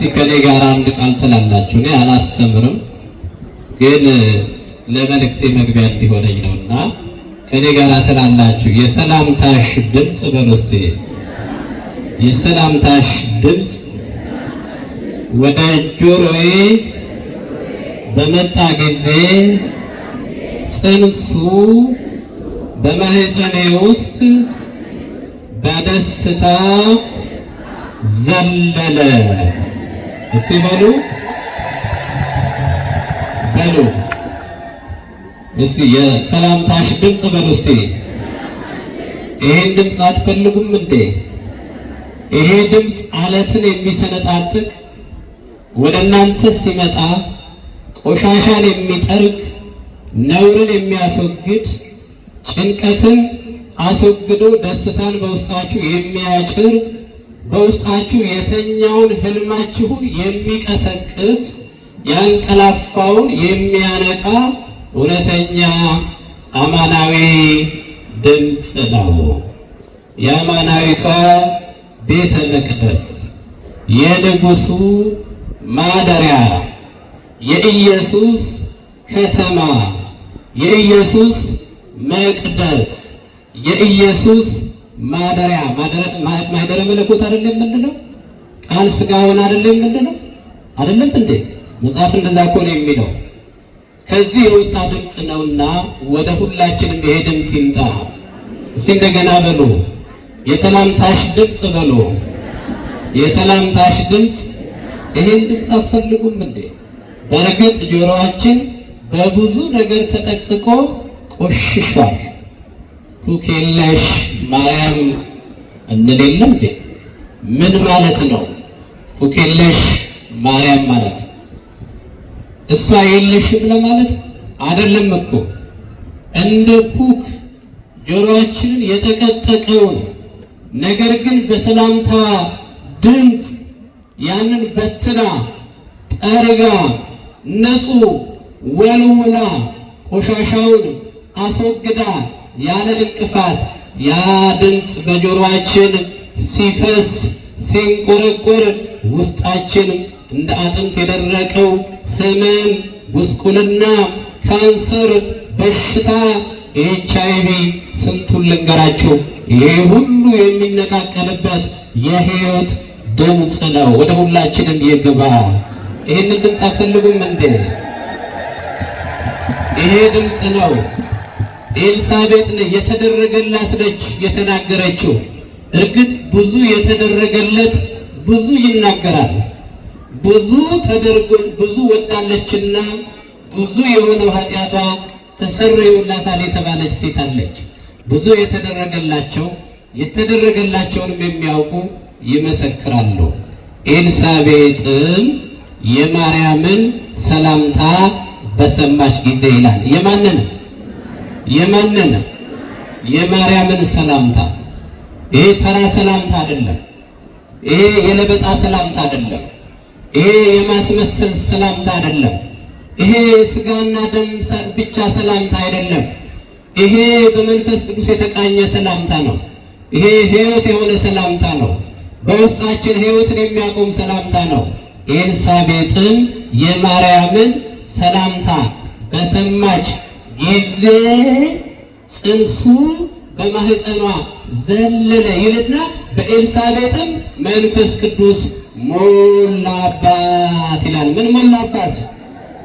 እስቲ ከኔ ጋር አንድ ቃል ትላላችሁ። እኔ አላስተምርም፣ ግን ለመልእክቴ መግቢያ እንዲሆነኝ ነው እና ከኔ ጋር ትላላችሁ። የሰላምታሽ ድምፅ በሎስቴ የሰላምታሽ ድምፅ ወደ ጆሮዬ በመጣ ጊዜ ጽንሱ በማህፀኔ ውስጥ በደስታ ዘለለ። እስቲ በሉ በሉ እስቲ የሰላምታሽ ድምፅ በሉ እስቲ። ይሄን ድምፅ አትፈልጉም እንዴ? ይሄ ድምፅ አለትን የሚሰነጣጥቅ ወደ እናንተ ሲመጣ ቆሻሻን የሚጠርግ ነውርን የሚያስወግድ ጭንቀትን አስወግዶ ደስታን በውስጣችሁ የሚያጭር በውስጣችሁ የተኛውን ህልማችሁን የሚቀሰቅስ ያንቀላፋውን የሚያነቃ እውነተኛ አማናዊ ድምፅ ነው። የአማናዊቷ ቤተ መቅደስ የንጉሱ ማደሪያ የኢየሱስ ከተማ የኢየሱስ መቅደስ የኢየሱስ ማደሪያ ማደረ መለኮት አይደለም ምንድነው? ቃል ስጋውን አይደለም ምንድነው? አይደለም እንዴ? መጽሐፍ እንደዛ እኮ ነው የሚለው። ከዚህ የወጣ ድምፅ ነውና ወደ ሁላችን ይሄ ድምፅ ይምጣ። እስቲ እንደገና በሉ፣ የሰላምታሽ ድምፅ በሉ፣ የሰላምታሽ ድምፅ። ይሄን ድምፅ አፈልጉም እንዴ? በእርግጥ ጆሮአችን በብዙ ነገር ተጠቅጥቆ ቆሽሿል። ቱክ የለሽ ማርያም እንል የለም እንዴ? ምን ማለት ነው ቱክ የለሽ ማርያም ማለት? እሷ የለሽም ለማለት አይደለም እኮ እንደ ኩክ ጆሮአችንን የጠቀጠቀውን ነገር ግን በሰላምታ ድምፅ ያንን በትና ጠርጋ ንጹሕ ወልውላ ቆሻሻውን አስወግዳ ያለ እንቅፋት ያ ድምፅ በጆሮአችን ሲፈስ ሲንቆረቆር ውስጣችን እንደ አጥንት የደረቀው ህመም፣ ጉስቁልና፣ ካንሰር፣ በሽታ፣ ኤች አይ ቪ ስንቱን ልንገራችሁ። ይሄ ሁሉ የሚነቃቀልበት የህይወት ድምፅ ነው። ወደ ሁላችንም ይግባ። ይህንን ድምፅ አፈልጉም እንዴ? ይሄ ድምፅ ነው። ኤልሳቤጥ የተደረገላት ነች የተናገረችው። እርግጥ ብዙ የተደረገለት ብዙ ይናገራል። ብዙ ተደርጎ ብዙ ወዳለችና ብዙ የሆነው ኃጢአቷ ተሰረዩላታል የተባለች ሴት አለች። ብዙ የተደረገላቸው የተደረገላቸውንም የሚያውቁ ይመሰክራሉ። ኤልሳቤጥም የማርያምን ሰላምታ በሰማች ጊዜ ይላል የማንን የማንን የማርያምን ሰላምታ። ይሄ ተራ ሰላምታ አይደለም። ይሄ የለበጣ ሰላምታ አይደለም። ይሄ የማስመሰል ሰላምታ አይደለም። ይሄ ስጋና ደም ብቻ ሰላምታ አይደለም። ይሄ በመንፈስ ቅዱስ የተቃኘ ሰላምታ ነው። ይሄ ህይወት የሆነ ሰላምታ ነው። በውስጣችን ህይወትን የሚያቆም ሰላምታ ነው። ኤልሳቤጥም የማርያምን ሰላምታ በሰማች ጊዜ ጽንሱ በማህፀኗ ዘለለ ይልና በኤልሳቤጥም መንፈስ ቅዱስ ሞላባት ይላል። ምን ሞላባት?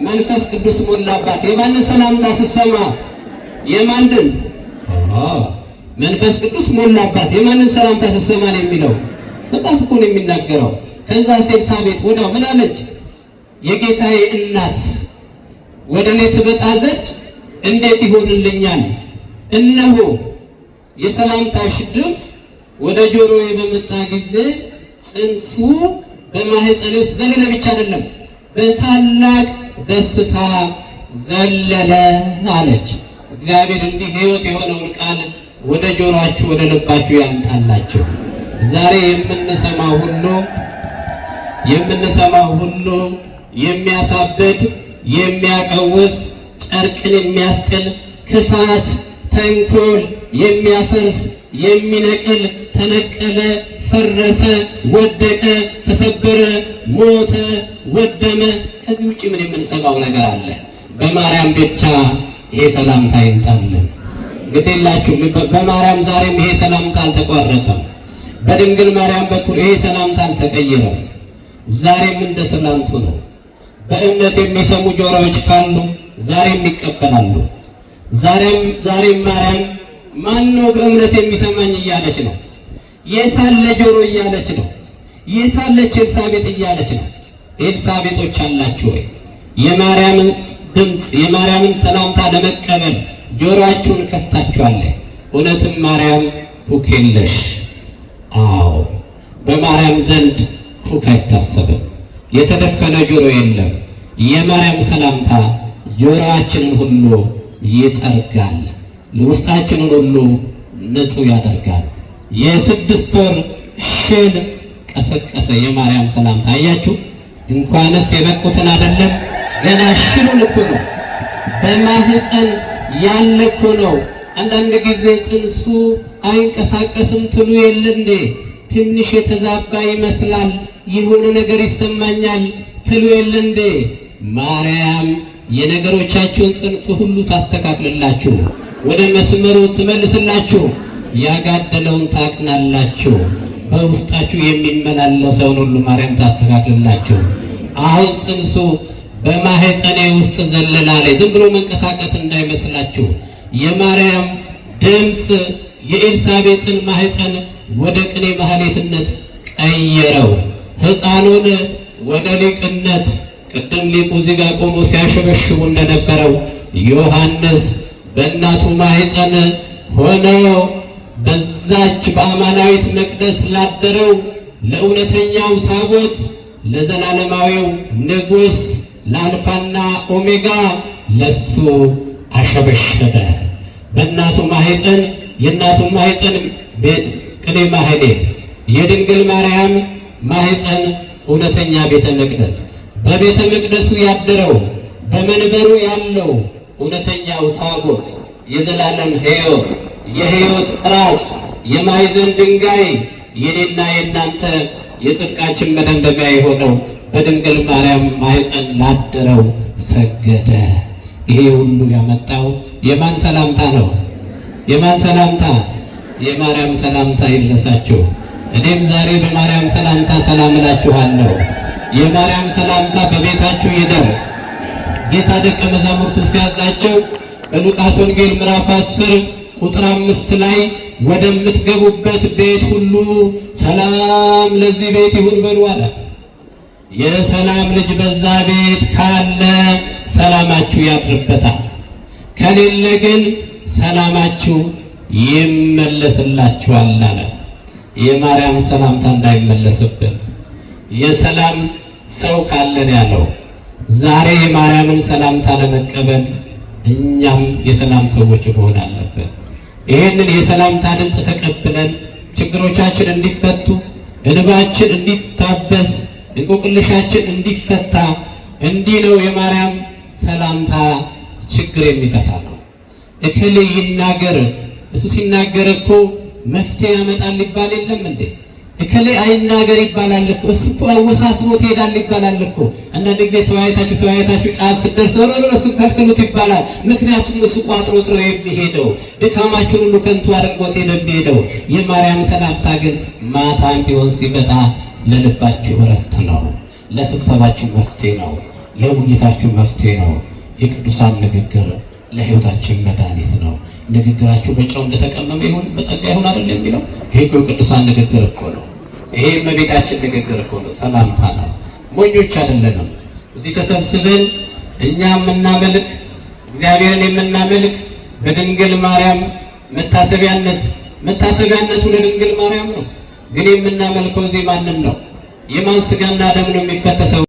መንፈስ ቅዱስ ሞላባት። የማንን ሰላምታ ስትሰማ? የማንን መንፈስ ቅዱስ ሞላባት? የማንን ሰላምታ ስትሰማ ነው የሚለው መጽሐፍ እኮ ነው የሚናገረው። ከዛ ኤልሳቤጥ ወዲያው ምን አለች? የጌታዬ እናት ወደ እኔ ትመጣ ዘንድ እንዴት ይሆንልኛል? እነሆ የሰላምታሽ ድምፅ ወደ ጆሮ በመጣ ጊዜ ጽንሱ በማህፀኔ ውስጥ ዘለለ ብቻ አይደለም፣ በታላቅ ደስታ ዘለለ አለች። እግዚአብሔር እንዲህ ህይወት የሆነውን ቃል ወደ ጆሮአችሁ ወደ ልባችሁ ያምጣላችሁ። ዛሬ የምንሰማው ሁሉ የምንሰማው ሁሉ የሚያሳብድ የሚያቀውስ ጨርቅን የሚያስጥል ክፋት፣ ተንኮል የሚያፈርስ የሚነቅል ተነቀለ፣ ፈረሰ፣ ወደቀ፣ ተሰበረ፣ ሞተ፣ ወደመ። ከዚህ ውጭ ምን የምንሰማው ነገር አለ? በማርያም ብቻ ይሄ ሰላምታ ይምጣልን። ግዴላችሁ በማርያም ዛሬም ይሄ ሰላምታ አልተቋረጠም። በድንግል ማርያም በኩል ይሄ ሰላምታ አልተቀየረም። ዛሬም እንደ ትናንቱ ነው። በእምነት የሚሰሙ ጆሮዎች ካሉ ዛሬም ይቀበላሉ። ዛሬም ዛሬም ማርያም ማን ነው በእምነት የሚሰማኝ እያለች ነው። የሳለ ጆሮ እያለች ነው። የታለች ኤልሳቤጥ እያለች ነው። ኤልሳቤጦች አላችሁ ወይ? የማርያምን ድምፅ የማርያምን ሰላምታ ለመቀበል ጆሮአችሁን ከፍታችኋል። እውነትም ማርያም ኩክ የለሽ። አዎ በማርያም ዘንድ ኩክ አይታሰብም። የተደፈነ ጆሮ የለም። የማርያም ሰላምታ ጆሮአችንን ሁሉ ይጠርጋል፣ ውስጣችንን ሁሉ ንጹሕ ያደርጋል። የስድስት ወር ሽል ቀሰቀሰ የማርያም ሰላምታ። አያችሁ እንኳንስ የበቁትን አይደለም ገና ሽሉ እኮ ነው በማህፀን ያለ ነው። አንዳንድ ጊዜ ጽንሱ አይንቀሳቀስም ትሉ የለ እንዴ? ትንሽ የተዛባ ይመስላል፣ የሆነ ነገር ይሰማኛል ትሉ የለ እንዴ? ማርያም የነገሮቻችሁን ጽንስ ሁሉ ታስተካክልላችሁ፣ ወደ መስመሩ ትመልስላችሁ፣ ያጋደለውን ታቅናላችሁ፣ በውስጣችሁ የሚመላለሰውን ሁሉ ማርያም ታስተካክልላችሁ። አሁን ጽንሱ በማህፀኔ ውስጥ ዘለላለ ዝም ብሎ መንቀሳቀስ እንዳይመስላችሁ። የማርያም ድምፅ የኤልሳቤጥን ማህፀን ወደ ቅኔ ማህሌትነት ቀየረው፣ ህፃኑን ወደ ሊቅነት ቅድም ሊቁ እዚህ ጋር ቆሞ ሲያሸበሽቡ እንደነበረው ዮሐንስ በእናቱ ማኅፀን ሆኖ በዛች በአማናዊት መቅደስ ላደረው ለእውነተኛው ታቦት ለዘላለማዊው ንጉሥ ለአልፋና ኦሜጋ ለሱ አሸበሸበ። በእናቱ ማኅፀን የእናቱ ማኅፀን ቅኔ ማኅሌት፣ የድንግል ማርያም ማኅፀን እውነተኛ ቤተ መቅደስ በቤተ መቅደሱ ያደረው በመንበሩ ያለው እውነተኛው ታቦት የዘላለም ሕይወት የሕይወት ራስ የማዕዘን ድንጋይ የኔና የእናንተ የጽድቃችን መደምደሚያ የሆነው በድንግል ማርያም ማኅፀን ላደረው ሰገደ። ይሄ ሁሉ ያመጣው የማን ሰላምታ ነው? የማን ሰላምታ? የማርያም ሰላምታ ይድረሳችሁ። እኔም ዛሬ በማርያም ሰላምታ ሰላም እላችኋለሁ። የማርያም ሰላምታ በቤታችሁ ይደር። ጌታ ደቀ መዛሙርቱን ሲያዛቸው በሉቃስ ወንጌል ምዕራፍ 10 ቁጥር አምስት ላይ ወደምትገቡበት ቤት ሁሉ ሰላም ለዚህ ቤት ይሁን በሉ አለ። የሰላም ልጅ በዛ ቤት ካለ ሰላማችሁ ያድርበታል፣ ከሌለ ግን ሰላማችሁ ይመለስላችኋል አለ። የማርያም ሰላምታ እንዳይመለስብን የሰላም ሰው ካለን ያለው ዛሬ የማርያምን ሰላምታ ለመቀበል እኛም የሰላም ሰዎች መሆን አለበት። ይህንን የሰላምታ ድምፅ ተቀብለን ችግሮቻችን እንዲፈቱ፣ እንባችን እንዲታበስ፣ እንቆቅልሻችን እንዲፈታ እንዲህ ነው የማርያም ሰላምታ ችግር የሚፈታ ነው። እክል ይናገር እሱ ሲናገር እኮ መፍትሄ ያመጣል ሊባል የለም እንዴ? እከሌ አይናገር ይባላል እኮ እሱ እኮ አወሳስቦ ትሄዳል ይባላል እኮ። አንዳንድ ጊዜ ተወያየታችሁ ተወያየታችሁ ጫፍ ስትደርስ ሮ እሱ ከልክሉት ይባላል። ምክንያቱም እሱ ቋጥሮ ጥሮ የሚሄደው ድካማችሁን ሁሉ ከንቱ አድርጎት የሚሄደው። የማርያም ሰላምታ ግን ማታም ቢሆን ሲመጣ ለልባችሁ እረፍት ነው፣ ለስብሰባችሁ መፍትሄ ነው፣ ለውይይታችሁ መፍትሄ ነው። የቅዱሳን ንግግር ለህይወታችን መድኃኒት ነው። ንግግራችሁ በጨው እንደተቀመመ ይሁን በጸጋ ይሁን አይደል የሚለው ይሄ እኮ ቅዱሳን ንግግር እኮ ነው። ይሄ እመቤታችን ንግግር እኮ ነው። ሰላምታ ነው። ሞኞች አይደለንም። እዚህ ተሰብስበን እኛ የምናመልክ እግዚአብሔርን የምናመልክ በድንግል ማርያም መታሰቢያነት መታሰቢያነቱ ለድንግል ማርያም ነው። ግን የምናመልከው እዚህ ማንም ነው? የማን ስጋና ደም ነው የሚፈተተው?